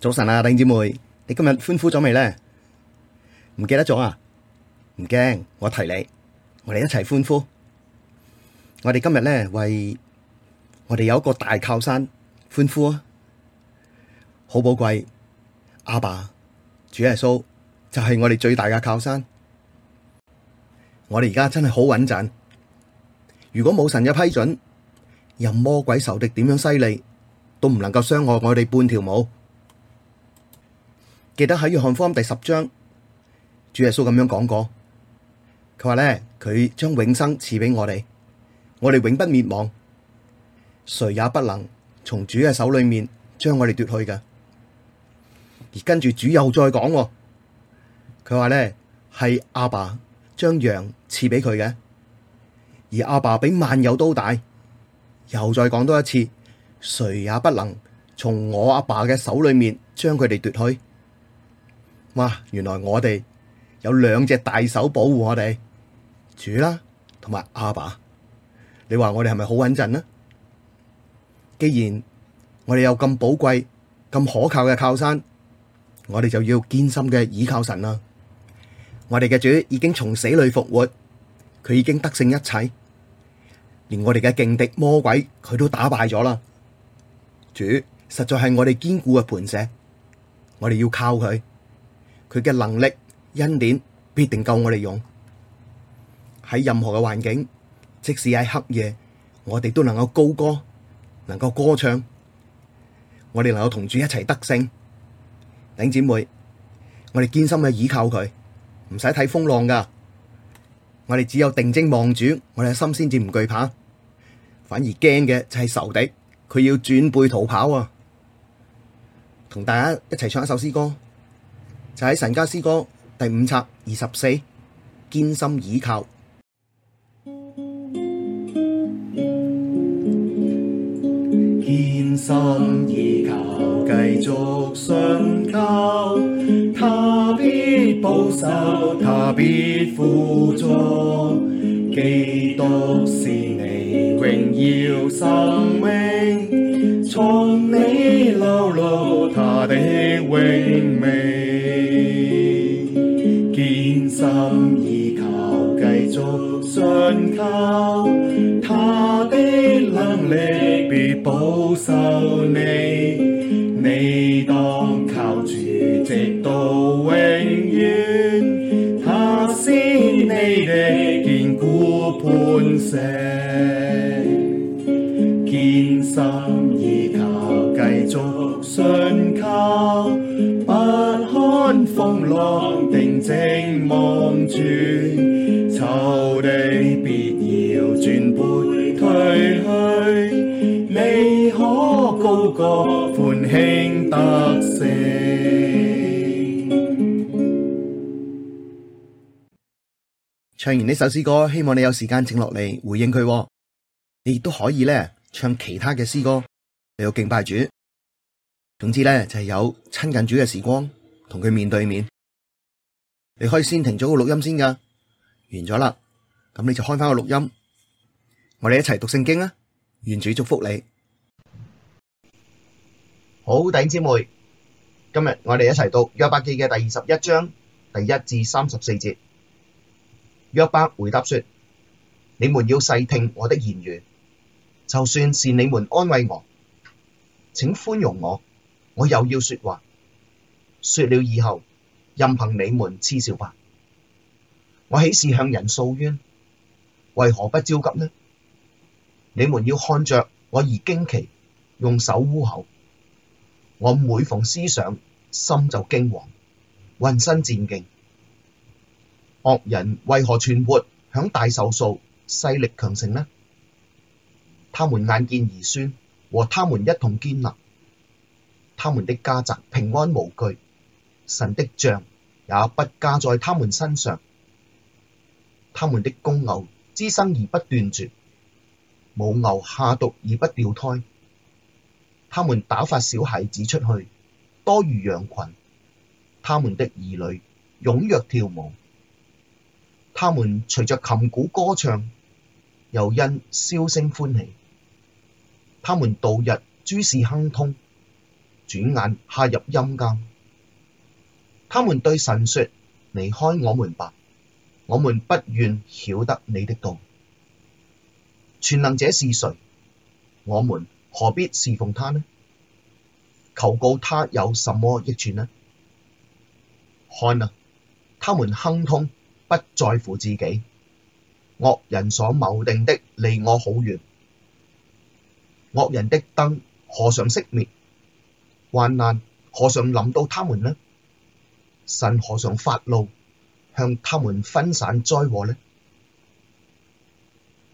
早晨啊，弟兄姊妹，你今日歡呼咗未咧？唔記得咗啊？唔驚，我提你，我哋一齊歡呼。我哋今日咧為我哋有一個大靠山歡呼啊！好寶貴，阿爸主耶穌就係我哋最大嘅靠山。我哋而家真係好穩陣。如果冇神嘅批准，任魔鬼仇敵點樣犀利，都唔能夠傷害我哋半條毛。記得喺約翰福音第十章，主耶穌咁樣講過，佢話咧，佢將永生賜俾我哋，我哋永不滅亡，誰也不能從主嘅手裏面將我哋奪去嘅。而跟住主又再講，佢話咧係阿爸將羊賜俾佢嘅，而阿爸比萬有都大，又再講多一次，誰也不能從我阿爸嘅手裏面將佢哋奪去。哇！原來我哋有兩隻大手保護我哋，主啦、啊，同埋阿爸。你話我哋係咪好穩陣呢？既然我哋有咁寶貴、咁可靠嘅靠山，我哋就要堅心嘅倚靠神啦。我哋嘅主已經從死裏復活，佢已經得勝一切，連我哋嘅勁敵魔鬼佢都打敗咗啦。主實在係我哋堅固嘅磐石，我哋要靠佢。佢嘅能力，恩典必定夠我哋用。喺任何嘅環境，即使喺黑夜，我哋都能夠高歌，能夠歌唱，我哋能夠同主一齊得勝。頂姊妹，我哋堅心去倚靠佢，唔使睇風浪噶。我哋只有定睛望主，我哋嘅心先至唔懼怕，反而驚嘅就係仇敵，佢要轉背逃跑啊！同大家一齊唱一首詩歌。就喺神家詩歌第五冊二十四，堅心倚靠，堅心倚靠，繼續信靠，他必保守，他必扶助，基督是你榮耀生命，從你流露他的榮美。信靠他的能力，必保守你。你當靠主直到永遠。他是你的堅固磐石。堅心倚靠，繼續信靠，不看風浪，定睛望主。必要轉背退去，你可高歌歡慶得勝。唱完呢首詩歌，希望你有時間靜落嚟回應佢。你亦都可以咧唱其他嘅詩歌，你有敬拜主。總之咧就係有親近主嘅時光，同佢面對面。你可以先停咗個錄音先噶完咗啦。咁你就開翻個錄音，我哋一齊讀聖經啊！願主祝福你。好，弟姐妹，今日我哋一齊讀約伯記嘅第二十一章第一至三十四節。約伯回答說：你們要細聽我的言語，就算是你們安慰我，請寬容我，我又要說話，說了以後任憑你們嗤笑吧。我豈是向人訴冤？為何不焦急呢？你們要看着我而驚奇，用手摀口。我每逢思想，心就驚惶，渾身戰兢。惡人為何存活，享大壽數，勢力強盛呢？他們眼見兒孫和他們一同堅立，他們的家宅平安無懼，神的杖也不加在他們身上，他們的公牛滋生而不斷絕，母牛下犢而不掉胎，他們打發小孩子出去，多如羊群，他們的兒女踴躍跳舞，他們隨着琴鼓歌唱，又因簫聲歡喜，他們度日諸事亨通，轉眼下入陰間，他們對神說：離開我們吧！我們不願曉得你的道，全能者是誰？我們何必事奉他呢？求告他有什麼益處呢？看哪，他們亨通，不在乎自己；惡人所謀定的，離我好遠；惡人的燈，何嘗熄滅？患難何嘗臨到他們呢？神何嘗發怒？向他們分散災禍呢？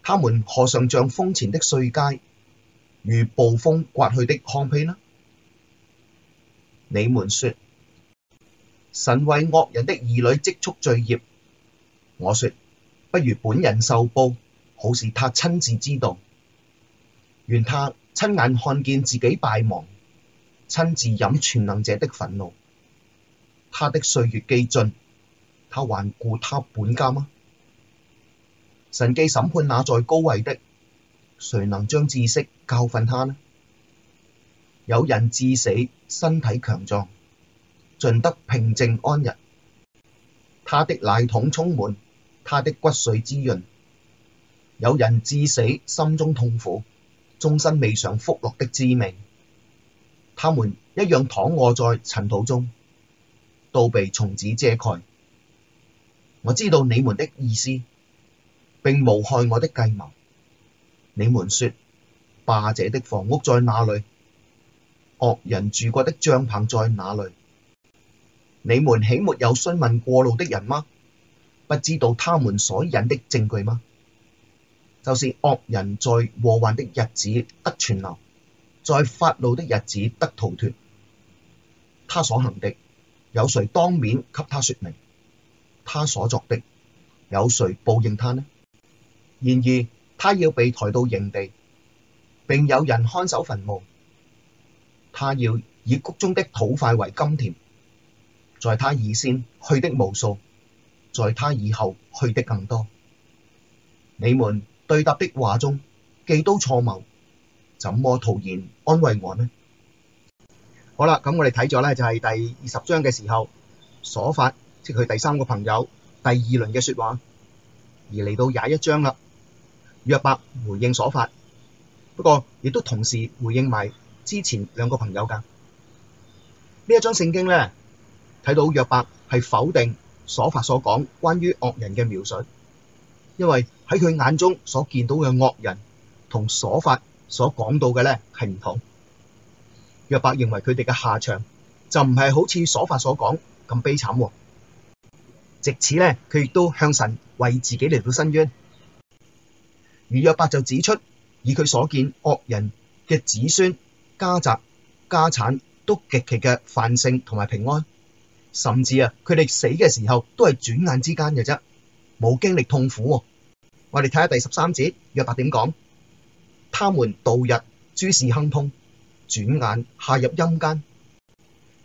他們何嘗像風前的碎稭，如暴風刮去的糠粃呢？你們說，神為惡人的兒女積蓄罪孽。」我說，不如本人受報，好使他親自知道，願他親眼看見自己敗亡，親自飲全能者的憤怒，他的歲月既盡。他還顧他本家嗎？神既審判那在高位的，誰能將知識教訓他呢？有人至死身體強壯，盡得平靖安逸，他的奶桶充滿，他的骨髓滋潤。有人至死心中痛苦，終身未嘗福樂的滋味，他們一樣躺臥在塵土中，都被蟲子遮蓋。我知道你們的意思，並誣害我的計謀。你們說，霸者的房屋在哪裡？惡人住過的帳棚在哪裡？你們豈沒有詢問過路的人嗎？不知道他們所引的證據嗎？就是惡人在禍患的日子得存留，在發怒的日子得逃脫。他所行的，有誰當面給他説明？他所作的，有誰報應他呢？然而他要被抬到塋地，並有人看守墳墓。他要以谷中的土塊為甘甜。在他以先去的無數，在他以後去的更多。你們對答的話中既都錯謬，怎麼徒然安慰我呢？好啦，咁我哋睇咗咧，就係第二十章嘅時候所發。即佢第三個朋友第二輪嘅説話，而嚟到廿一章啦。約伯回應所發，不過亦都同時回應埋之前兩個朋友噶。呢一章聖經呢，睇到約伯係否定所發所講關於惡人嘅描述，因為喺佢眼中所見到嘅惡人同所發所講到嘅呢係唔同。約伯認為佢哋嘅下場就唔係好似所發所講咁悲慘。直至咧，佢亦都向神為自己嚟到申冤。而約伯就指出，以佢所見，惡人嘅子孫、家宅、家產都極其嘅繁盛同埋平安，甚至啊，佢哋死嘅時候都係轉眼之間嘅啫，冇經歷痛苦啊。我哋睇下第十三節，約伯點講？他們度日諸事亨通，轉眼下入陰間，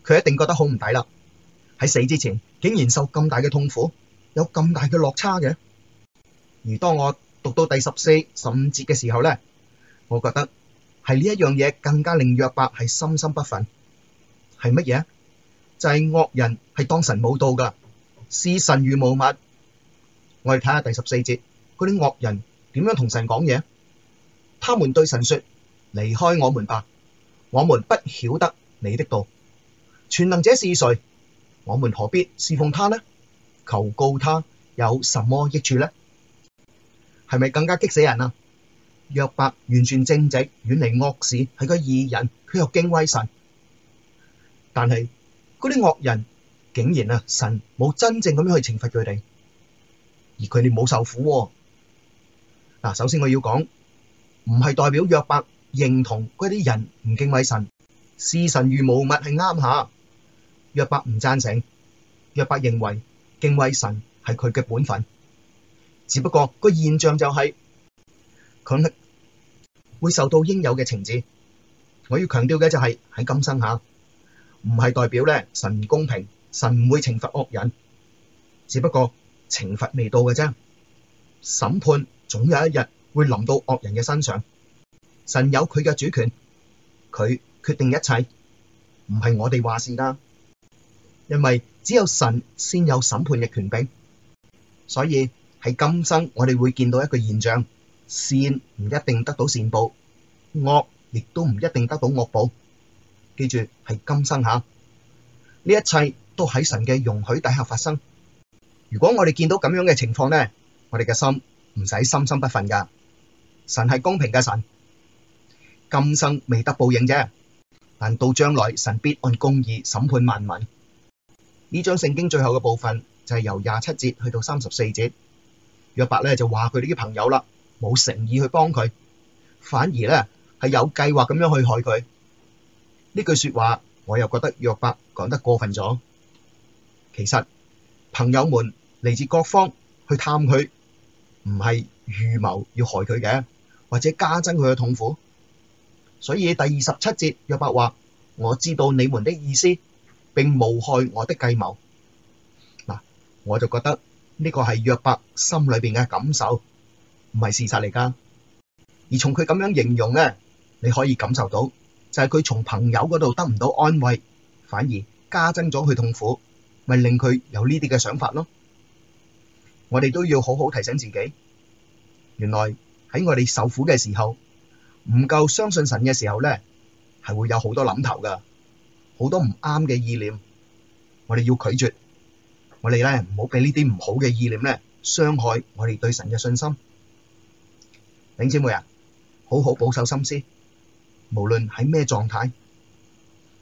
佢一定覺得好唔抵啦。喺死之前，竟然受咁大嘅痛苦，有咁大嘅落差嘅。而當我讀到第十四、十五節嘅時候咧，我覺得係呢一樣嘢更加令約伯係深深不忿。係乜嘢？就係、是、惡人係當神冇道噶，視神如無物。我哋睇下第十四節，嗰啲惡人點樣同神講嘢？他們對神說：離開我們吧，我們不曉得你的道。全能者是誰？我們何必侍奉他呢？求告他有什麼益處呢？係咪更加激死人啊？約伯完全正直，遠離惡事，係個義人，佢又敬畏神。但係嗰啲惡人竟然啊，神冇真正咁樣去懲罰佢哋，而佢哋冇受苦啊。嗱，首先我要講，唔係代表約伯認同嗰啲人唔敬畏神，視神如無物係啱下。約伯唔贊成，約伯認為敬畏神係佢嘅本分。只不過、個現象就係、是、佢會受到應有嘅懲治。我要強調嘅就係、是、喺今生下，唔係代表咧神唔公平，神唔會懲罰惡人。只不過懲罰未到嘅啫，審判總有一日會臨到惡人嘅身上。神有佢嘅主權，佢決定一切，唔係我哋話事㗎。因為只有神先有審判嘅權柄，所以喺今生我哋會見到一個現象：善唔一定得到善報，惡亦都唔一定得到惡報。記住係今生吓，呢一切都喺神嘅容許底下發生。如果我哋見到咁樣嘅情況呢，我哋嘅心唔使心生不忿噶。神係公平嘅神，今生未得報應啫，但到將來神必按公義審判萬民。呢章聖經最後嘅部分就係由廿七節去到三十四節，約伯咧就話佢啲朋友啦冇誠意去幫佢，反而咧係有計劃咁樣去害佢。呢句說話我又覺得約伯講得過分咗。其實朋友們嚟自各方去探佢，唔係預謀要害佢嘅，或者加增佢嘅痛苦。所以第二十七節約伯話：我知道你們的意思。並誣害我的計謀。嗱，我就覺得呢個係約伯心裏邊嘅感受，唔係事實嚟噶。而從佢咁樣形容咧，你可以感受到，就係佢從朋友嗰度得唔到安慰，反而加增咗佢痛苦，咪令佢有呢啲嘅想法咯。我哋都要好好提醒自己，原來喺我哋受苦嘅時候，唔夠相信神嘅時候咧，係會有好多諗頭噶。好多唔啱嘅意念，我哋要拒絕，我哋咧，唔好俾呢啲唔好嘅意念咧傷害我哋對神嘅信心。弟兄姊妹啊，好好保守心思，無論喺咩狀態，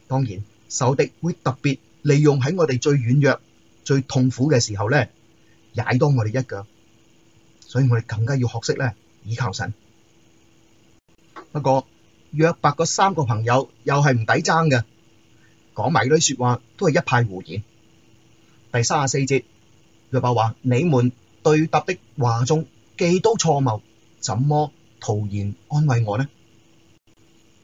當然仇敵會特別利用喺我哋最軟弱、最痛苦嘅時候咧踩多我哋一腳，所以我哋更加要學識咧倚靠神。不過約伯嗰三個朋友又係唔抵爭嘅。講埋呢句說話都係一派胡言。第三十四節，約伯話：你們對答的話中既都錯謬，怎麼徒然安慰我呢？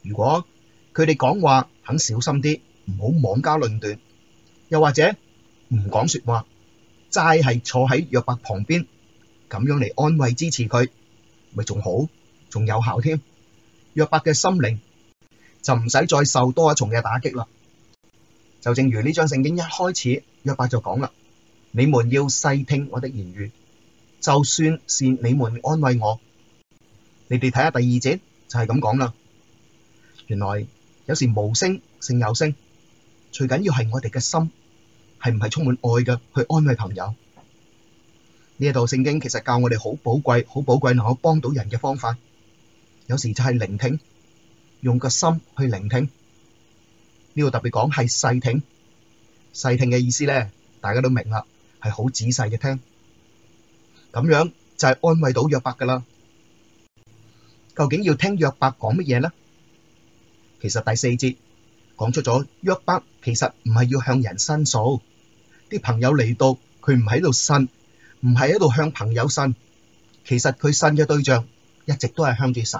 如果佢哋講話肯小心啲，唔好妄加論斷，又或者唔講說話，齋係坐喺約伯旁邊，咁樣嚟安慰支持佢，咪仲好，仲有效添。約伯嘅心靈就唔使再受多一重嘅打擊啦。就正如呢章聖經一開始，約伯就講啦，你們要細聽我的言語，就算是你們安慰我，你哋睇下第二節就係咁講啦。原來有時無聲勝有聲，最緊要係我哋嘅心係唔係充滿愛嘅去安慰朋友。呢度聖經其實教我哋好寶貴、好寶貴，能夠幫到人嘅方法，有時就係聆聽，用個心去聆聽。呢度特別講係細聽，細聽嘅意思咧，大家都明啦，係好仔細嘅聽。咁樣就係安慰到約伯噶啦。究竟要聽約伯講乜嘢咧？其實第四節講出咗約伯其實唔係要向人申訴，啲朋友嚟到佢唔喺度呻，唔係喺度向朋友呻，其實佢呻嘅對象一直都係向住神。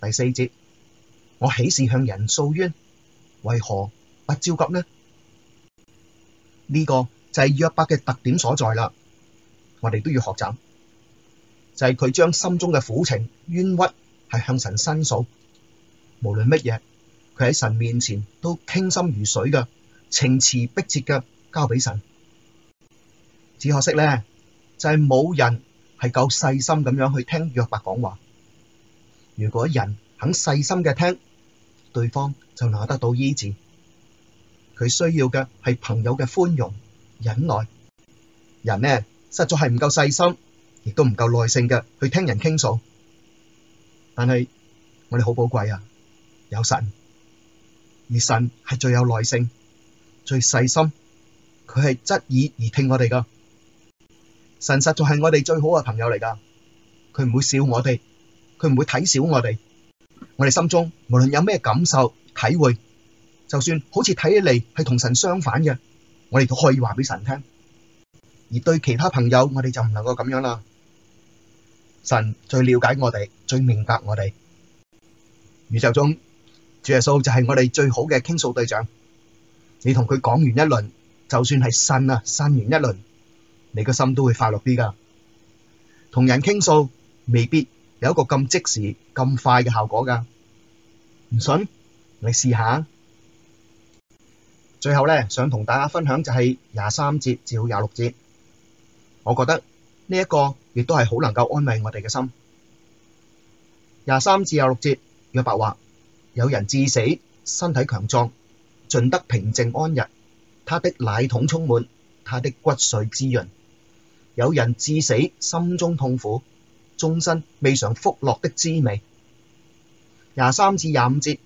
第四節，我豈是向人訴冤？為何不焦急呢？呢個就係約伯嘅特點所在啦。我哋都要學習，就係佢將心中嘅苦情冤屈係向神申訴，無論乜嘢，佢喺神面前都傾心如水嘅，情辭逼切嘅交俾神。只可惜咧，就係冇人係夠細心咁樣去聽約伯講話。如果人肯細心嘅聽。對方就拿得到醫治，佢需要嘅係朋友嘅寬容、忍耐。人呢，實在係唔夠細心，亦都唔夠耐性嘅去聽人傾訴。但係我哋好寶貴啊，有神，而神係最有耐性、最細心，佢係質疑而聽我哋噶。神實在係我哋最好嘅朋友嚟噶，佢唔會笑我哋，佢唔會睇小我哋。我哋心中無論有咩感受體會，就算好似睇起嚟係同神相反嘅，我哋都可以話畀神聽。而對其他朋友，我哋就唔能夠咁樣啦。神最了解我哋，最明白我哋。宇宙中主耶穌就係我哋最好嘅傾訴對象。你同佢講完一輪，就算係呻啊呻完一輪，你個心都會快樂啲噶。同人傾訴未必。有一個咁即時咁快嘅效果噶，唔信你試下。最後咧，想同大家分享就係廿三節至到廿六節，我覺得呢一個亦都係好能夠安慰我哋嘅心。廿三至廿六節，約伯話：有人至死身體強壯，盡得平靜安逸，他的奶桶充滿，他的骨髓滋潤；有人至死心中痛苦。終身未嘗福樂的滋味。廿三至廿五節，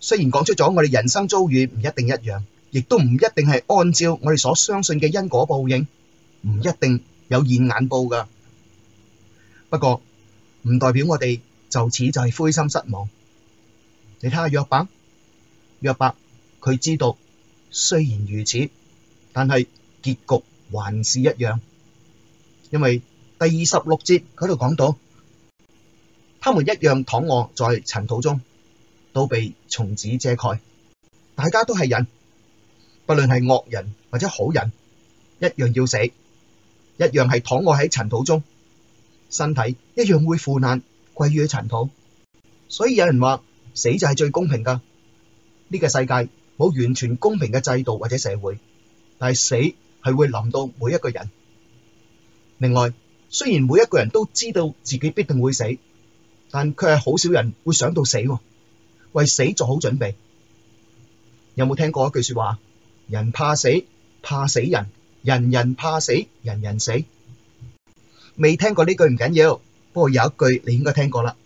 雖然講出咗我哋人生遭遇唔一定一樣，亦都唔一定係按照我哋所相信嘅因果報應，唔一定有現眼報㗎。不過唔代表我哋就此就係灰心失望。你睇下約伯，約伯佢知道雖然如此，但係結局還是一樣，因為。第二十六節佢度講到，他們一樣躺臥在塵土中，都被蟲子遮蓋。大家都係人，不論係惡人或者好人，一樣要死，一樣係躺臥喺塵土中，身體一樣會腐爛歸於塵土。所以有人話死就係最公平噶。呢、這個世界冇完全公平嘅制度或者社會，但係死係會臨到每一個人。另外，雖然每一個人都知道自己必定會死，但卻係好少人會想到死，為死做好準備。有冇聽過一句說話？人怕死，怕死人，人人怕死，人人死。未聽過呢句唔緊要，不過有一句你應該聽過啦，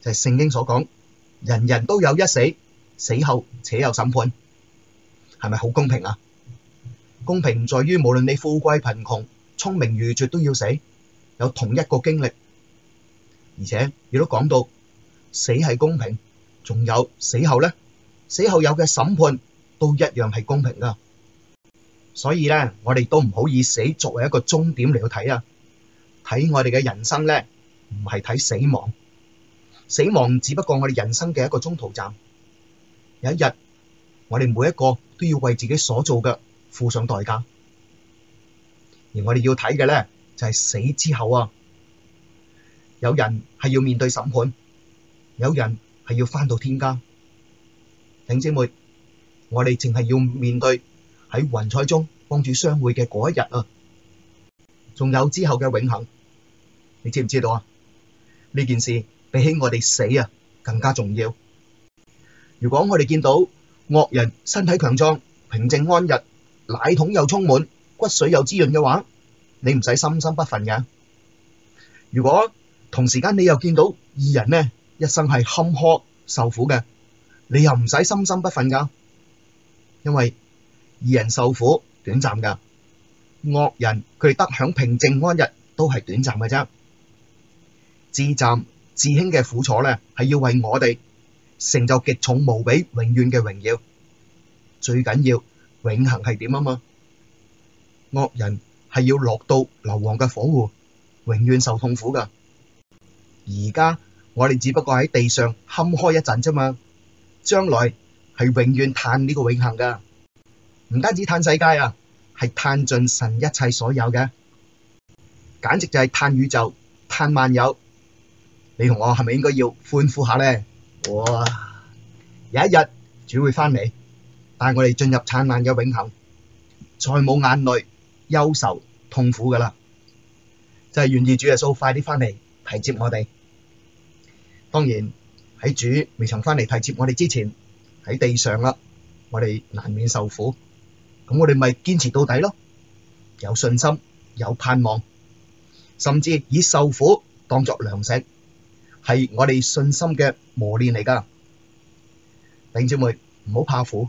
就係聖經所講：人人都有一死，死後且有審判，係咪好公平啊？公平唔在於無論你富貴貧窮、聰明愚拙都要死。有同一個經歷，而且亦都講到死係公平，仲有死後咧，死後有嘅審判都一樣係公平噶。所以咧，我哋都唔好以死作為一個終點嚟到睇啊，睇我哋嘅人生咧，唔係睇死亡，死亡只不過我哋人生嘅一個中途站。有一日，我哋每一個都要為自己所做嘅付上代價，而我哋要睇嘅咧。就係死之後啊！有人係要面對審判，有人係要返到天家。弟兄姊妹，我哋淨係要面對喺雲彩中幫主相會嘅嗰一日啊！仲有之後嘅永恆，你知唔知道啊？呢件事比起我哋死啊更加重要。如果我哋見到惡人身體強壯、平靜安逸、奶桶又充滿、骨髓又滋潤嘅話，你唔使心生不忿嘅。如果同時間你又見到二人咧，一生係坎坷受苦嘅，你又唔使心生不忿噶，因為二人受苦短暫噶，惡人佢哋得享平靜安逸都係短暫嘅啫。至暫至輕嘅苦楚咧，係要為我哋成就極重無比永遠嘅榮耀。最緊要永恆係點啊嘛？惡人，係要落到硫磺嘅火湖，永遠受痛苦噶。而家我哋只不過喺地上堪開一陣啫嘛，將來係永遠嘆呢個永恒噶。唔單止嘆世界啊，係嘆盡神一切所有嘅，簡直就係嘆宇宙、嘆萬有。你同我係咪應該要歡呼下咧？哇！有一日主會返嚟，帶我哋進入燦爛嘅永恒，再冇眼淚。憂愁痛苦噶啦，就係、是、願意主耶穌快啲返嚟提接我哋。當然喺主未曾返嚟提接我哋之前，喺地上啦，我哋難免受苦。咁我哋咪堅持到底咯，有信心有盼望，甚至以受苦當作糧食，係我哋信心嘅磨練嚟噶。弟兄姊妹唔好怕苦。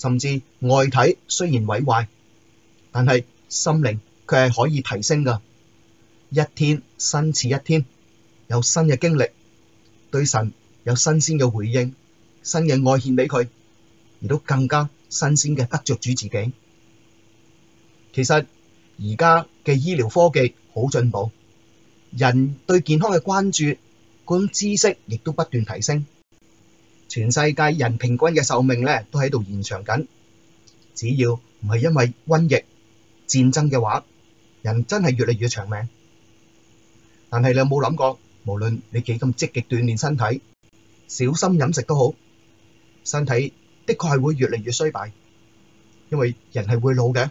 甚至外體雖然毀壞，但係心靈佢係可以提升噶。一天新似一天，有新嘅經歷，對神有新鮮嘅回應，新嘅愛獻畀佢，亦都更加新鮮嘅得着主自己。其實而家嘅醫療科技好進步，人對健康嘅關注，嗰種知識亦都不斷提升。全世界人平均嘅壽命咧都喺度延長緊，只要唔係因為瘟疫、戰爭嘅話，人真係越嚟越長命。但係你有冇諗過，無論你幾咁積極鍛煉身體、小心飲食都好，身體的確係會越嚟越衰敗，因為人係會老嘅。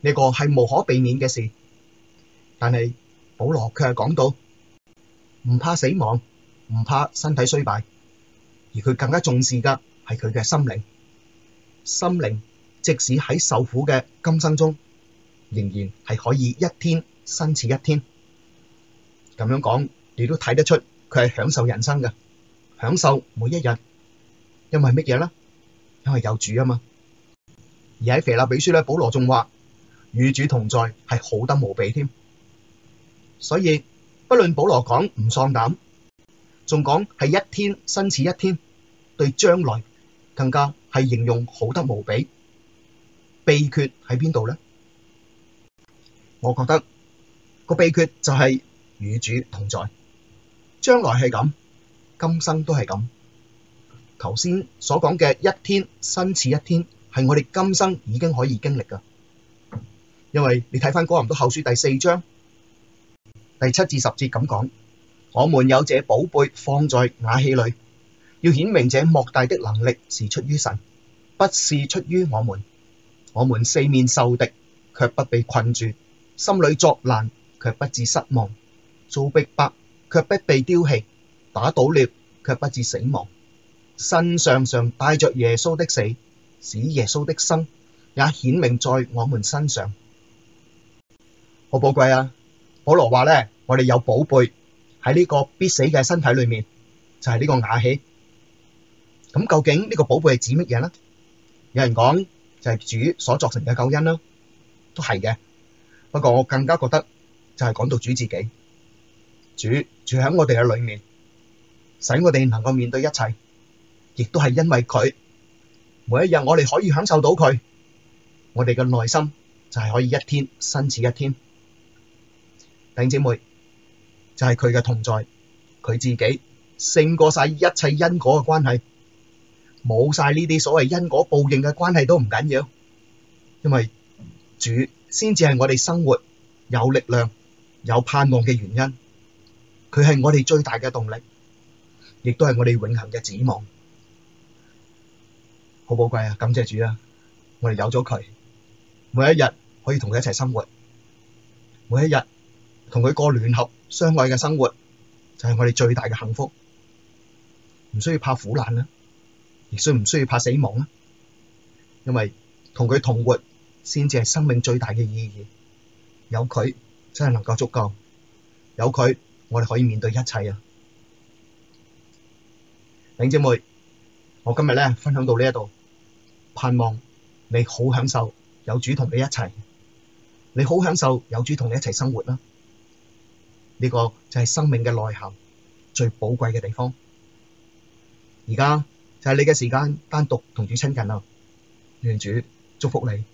呢個係無可避免嘅事。但係保羅卻係講到唔怕死亡，唔怕身體衰敗。而佢更加重視嘅係佢嘅心靈，心靈即使喺受苦嘅今生中，仍然係可以一天新似一天。咁樣講，你都睇得出佢係享受人生嘅，享受每一日，因為乜嘢咧？因為有主啊嘛。而喺腓立比書咧，保羅仲話與主同在係好得無比添。所以不論保羅講唔喪膽，仲講係一天新似一天。對將來更加係形容好得無比，秘訣喺邊度呢？我覺得個秘訣就係與主同在，將來係咁，今生都係咁。頭先所講嘅一天新似一天，係我哋今生已經可以經歷噶。因為你睇翻《哥林多後書》第四章第七至十節咁講，我們有這寶貝放在瓦器裏。要顯明這莫大的能力是出於神，不是出於我們。我們四面受敵，卻不被困住；心裏作難，卻不至失望；遭逼迫，卻不被丟棄；打倒了，卻不至死亡。身上常帶着耶穌的死，使耶穌的生也顯明在我們身上。好寶貴啊！保羅話呢，我哋有寶貝喺呢個必死嘅身體裏面，就係、是、呢個瓦器。咁究竟呢個寶貝係指乜嘢呢？有人講就係主所作成嘅救恩囉，都係嘅。不過我更加覺得就係講到主自己，主住喺我哋嘅裏面，使我哋能夠面對一切，亦都係因為佢每一日我哋可以享受到佢，我哋嘅內心就係可以一天新似一天。弟兄姊妹，就係佢嘅同在，佢自己勝過晒一切因果嘅關係。冇晒呢啲所謂因果報應嘅關係都唔緊要，因為主先至係我哋生活有力量、有盼望嘅原因。佢係我哋最大嘅動力，亦都係我哋永恆嘅指望。好寶貴啊！感謝主啊！我哋有咗佢，每一日可以同佢一齊生活，每一日同佢過聯合相愛嘅生活，就係我哋最大嘅幸福，唔需要怕苦難啦。亦需唔需要怕死亡咧？因為同佢同活，先至係生命最大嘅意義。有佢真係能夠足夠，有佢我哋可以面對一切啊！領姐妹，我今日咧分享到呢一度，盼望你好享受有主同你一齊，你好享受有主同你一齊生活啦。呢個就係生命嘅內涵最寶貴嘅地方。而家。就係你嘅時間，單獨同主親近啦，願主祝福你。